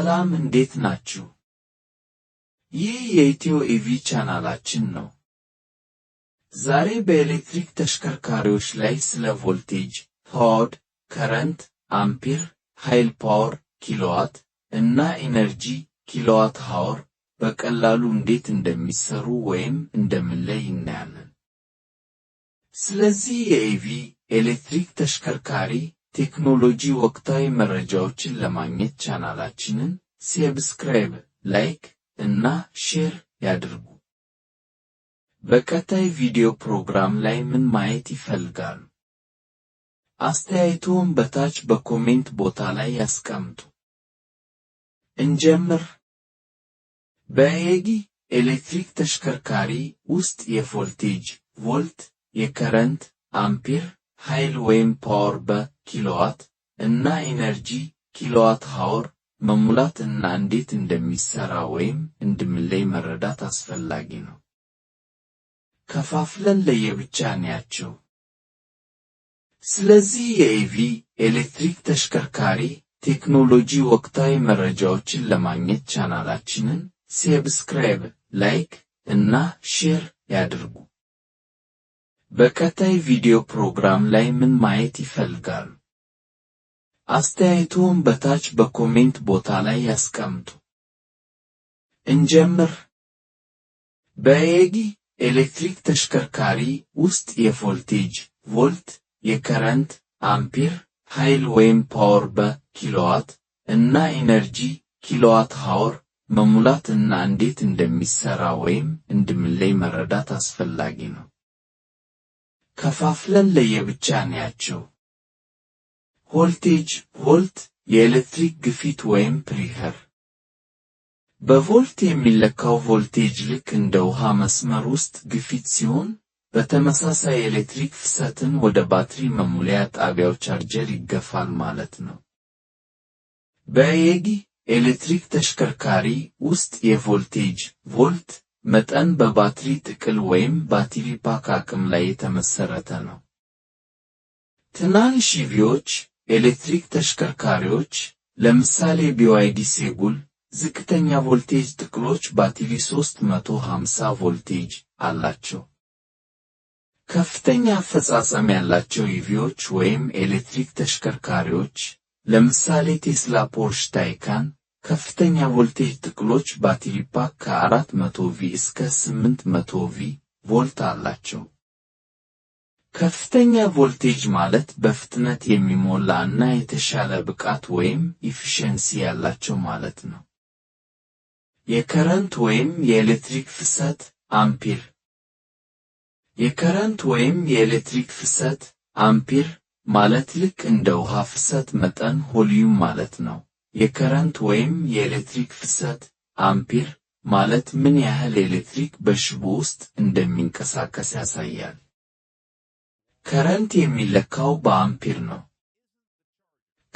ሰላም እንዴት ናችሁ? ይህ የኢትዮ ኢቪ ቻናላችን ነው። ዛሬ በኤሌክትሪክ ተሽከርካሪዎች ላይ ስለ ቮልቴጅ፣ ፓወር፣ ከረንት፣ አምፒር፣ ኃይል ፓወር፣ ኪሎዋት እና ኢነርጂ ኪሎዋት ሃወር በቀላሉ እንዴት እንደሚሰሩ ወይም እንደምንለይ እናያለን። ስለዚህ የኢቪ ኤሌክትሪክ ተሽከርካሪ ቴክኖሎጂ ወቅታዊ መረጃዎችን ለማግኘት ቻናላችንን ሰብስክራይብ፣ ላይክ እና ሼር ያድርጉ። በቀጣይ ቪዲዮ ፕሮግራም ላይ ምን ማየት ይፈልጋሉ? አስተያየቱን በታች በኮሜንት ቦታ ላይ ያስቀምጡ። እንጀምር። በሄጊ ኤሌክትሪክ ተሽከርካሪ ውስጥ የቮልቴጅ ቮልት፣ የከረንት አምፔር ኃይል ወይም ፓወር በኪሎዋት እና ኢነርጂ ኪሎዋት ሃወር መሙላት እና እንዴት እንደሚሰራ ወይም እንድምለይ መረዳት አስፈላጊ ነው። ከፋፍለን ለየብቻ እንያቸው። ስለዚህ የኢቪ ኤሌክትሪክ ተሽከርካሪ ቴክኖሎጂ ወቅታዊ መረጃዎችን ለማግኘት ቻናላችንን ሰብስክራይብ፣ ላይክ እና ሼር ያድርጉ። በቀጣይ ቪዲዮ ፕሮግራም ላይ ምን ማየት ይፈልጋሉ? አስተያየቱን በታች በኮሜንት ቦታ ላይ ያስቀምጡ። እንጀምር። በኤጊ ኤሌክትሪክ ተሽከርካሪ ውስጥ የቮልቴጅ ቮልት፣ የከረንት አምፒር፣ ኃይል ወይም ፓወር በኪሎዋት እና ኢነርጂ ኪሎዋት ሃወር መሙላት እና እንዴት እንደሚሰራ ወይም እንድምለይ መረዳት አስፈላጊ ነው። ከፋፍለን ለየብቻ ናያቸው። ቮልቴጅ ቮልት የኤሌክትሪክ ግፊት ወይም ፕሪከር በቮልት የሚለካው ቮልቴጅ ልክ እንደ ውሃ መስመር ውስጥ ግፊት ሲሆን በተመሳሳይ ኤሌክትሪክ ፍሰትን ወደ ባትሪ መሙሊያ ጣቢያው ቻርጀር ይገፋል ማለት ነው። በኤጊ ኤሌክትሪክ ተሽከርካሪ ውስጥ የቮልቴጅ ቮልት መጠን በባትሪ ጥቅል ወይም ባትሪ ፓክ አቅም ላይ የተመሰረተ ነው። ትናንሽ ኢቪዎች ኤሌክትሪክ ተሽከርካሪዎች ለምሳሌ ቢዋይዲ ሴጉል ዝቅተኛ ቮልቴጅ ጥቅሎች ባትሪ 350 ቮልቴጅ አላቸው። ከፍተኛ አፈጻጸም ያላቸው ኢቪዎች ወይም ኤሌክትሪክ ተሽከርካሪዎች ለምሳሌ ቴስላ፣ ፖርሽ፣ ታይካን ከፍተኛ ቮልቴጅ ጥቅሎች ባትሪ ፓክ ከ400 ቪ እስከ 800 ቪ ቮልት አላቸው። ከፍተኛ ቮልቴጅ ማለት በፍጥነት የሚሞላ እና የተሻለ ብቃት ወይም ኢፊሸንሲ ያላቸው ማለት ነው። የከረንት ወይም የኤሌክትሪክ ፍሰት አምፒር የከረንት ወይም የኤሌክትሪክ ፍሰት አምፒር ማለት ልክ እንደ ውሃ ፍሰት መጠን ሆሊዩም ማለት ነው። የከረንት ወይም የኤሌክትሪክ ፍሰት አምፒር ማለት ምን ያህል ኤሌክትሪክ በሽቦ ውስጥ እንደሚንቀሳቀስ ያሳያል። ከረንት የሚለካው በአምፒር ነው።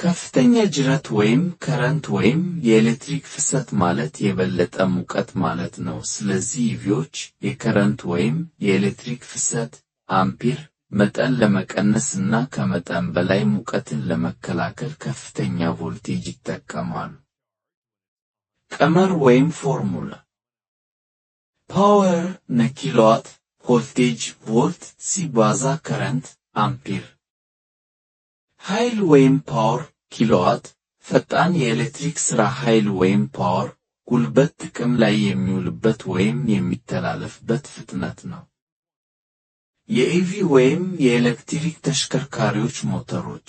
ከፍተኛ ጅረት ወይም ከረንት ወይም የኤሌክትሪክ ፍሰት ማለት የበለጠ ሙቀት ማለት ነው። ስለዚህ ዩቪዎች የከረንት ወይም የኤሌክትሪክ ፍሰት አምፒር መጠን ለመቀነስ እና ከመጠን በላይ ሙቀትን ለመከላከል ከፍተኛ ቮልቴጅ ይጠቀማሉ። ቀመር ወይም ፎርሙላ ፓወር ነኪሎዋት ቮልቴጅ ቮልት ሲባዛ ከረንት አምፒር። ኃይል ወይም ፓወር ኪሎዋት ፈጣን የኤሌክትሪክ ሥራ ኃይል ወይም ፓወር ጉልበት ጥቅም ላይ የሚውልበት ወይም የሚተላለፍበት ፍጥነት ነው። የኢቪ ወይም የኤሌክትሪክ ተሽከርካሪዎች ሞተሮች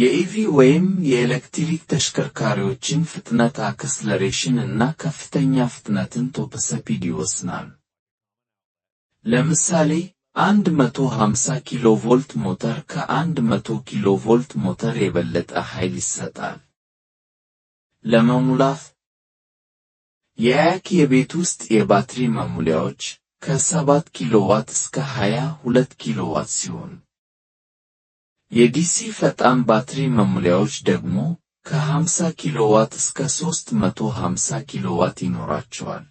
የኢቪ ወይም የኤሌክትሪክ ተሽከርካሪዎችን ፍጥነት አክስለሬሽን እና ከፍተኛ ፍጥነትን ቶፕስፒድ ይወስናል። ለምሳሌ 150 ኪሎ ቮልት ሞተር ከ100 ኪሎ ቮልት ሞተር የበለጠ ኃይል ይሰጣል። ለመሙላት የያክ የቤት ውስጥ የባትሪ መሙሊያዎች ከ7 ኪሎዋት እስከ 22 ኪሎዋት ሲሆን የዲሲ ፈጣን ባትሪ መሙሊያዎች ደግሞ ከ50 ኪሎዋት እስከ 350 ኪሎዋት ይኖራቸዋል።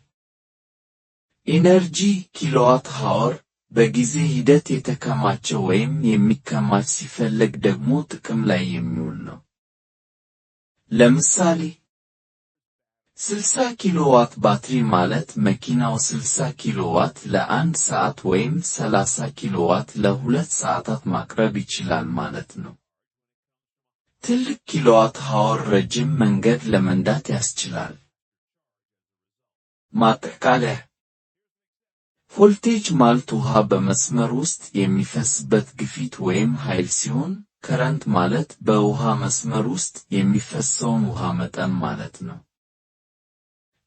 ኢነርጂ ኪሎዋት ሃወር በጊዜ ሂደት የተከማቸ ወይም የሚከማች ሲፈለግ ደግሞ ጥቅም ላይ የሚውል ነው። ለምሳሌ 60 ኪሎ ዋት ባትሪ ማለት መኪናው 60 ኪሎ ዋት ለአንድ ሰዓት ወይም 30 ኪሎ ዋት ለሁለት ሰዓታት ማቅረብ ይችላል ማለት ነው። ትልቅ ኪሎዋት ሃወር ረጅም መንገድ ለመንዳት ያስችላል። ማጠቃለያ፣ ቮልቴጅ ማለት ውሃ በመስመር ውስጥ የሚፈስበት ግፊት ወይም ኃይል ሲሆን ከረንት ማለት በውሃ መስመር ውስጥ የሚፈሰውን ውሃ መጠን ማለት ነው።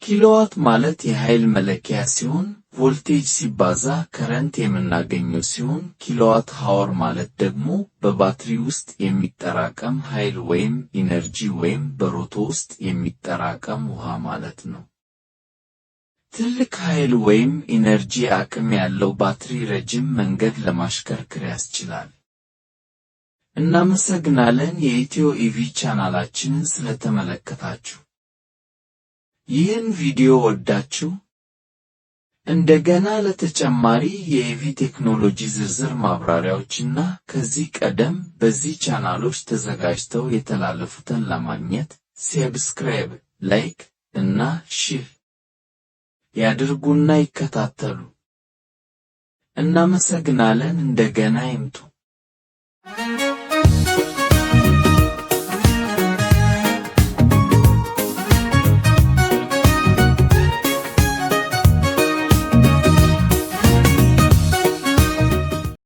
ኪሎዋት ማለት የኃይል መለኪያ ሲሆን ቮልቴጅ ሲባዛ ከረንት የምናገኘው ሲሆን ኪሎዋት ሃወር ማለት ደግሞ በባትሪ ውስጥ የሚጠራቀም ኃይል ወይም ኢነርጂ ወይም በሮቶ ውስጥ የሚጠራቀም ውሃ ማለት ነው። ትልቅ ኃይል ወይም ኢነርጂ አቅም ያለው ባትሪ ረጅም መንገድ ለማሽከርከር ያስችላል። እናመሰግናለን የኢትዮ ኢቪ ቻናላችንን ስለተመለከታችሁ። ይህን ቪዲዮ ወዳችሁ እንደገና ለተጨማሪ የኢቪ ቴክኖሎጂ ዝርዝር ማብራሪያዎችና ከዚህ ቀደም በዚህ ቻናሎች ተዘጋጅተው የተላለፉትን ለማግኘት ሰብስክራይብ፣ ላይክ እና ሼር ያድርጉና ይከታተሉ። እናመሰግናለን። እንደገና ይምጡ።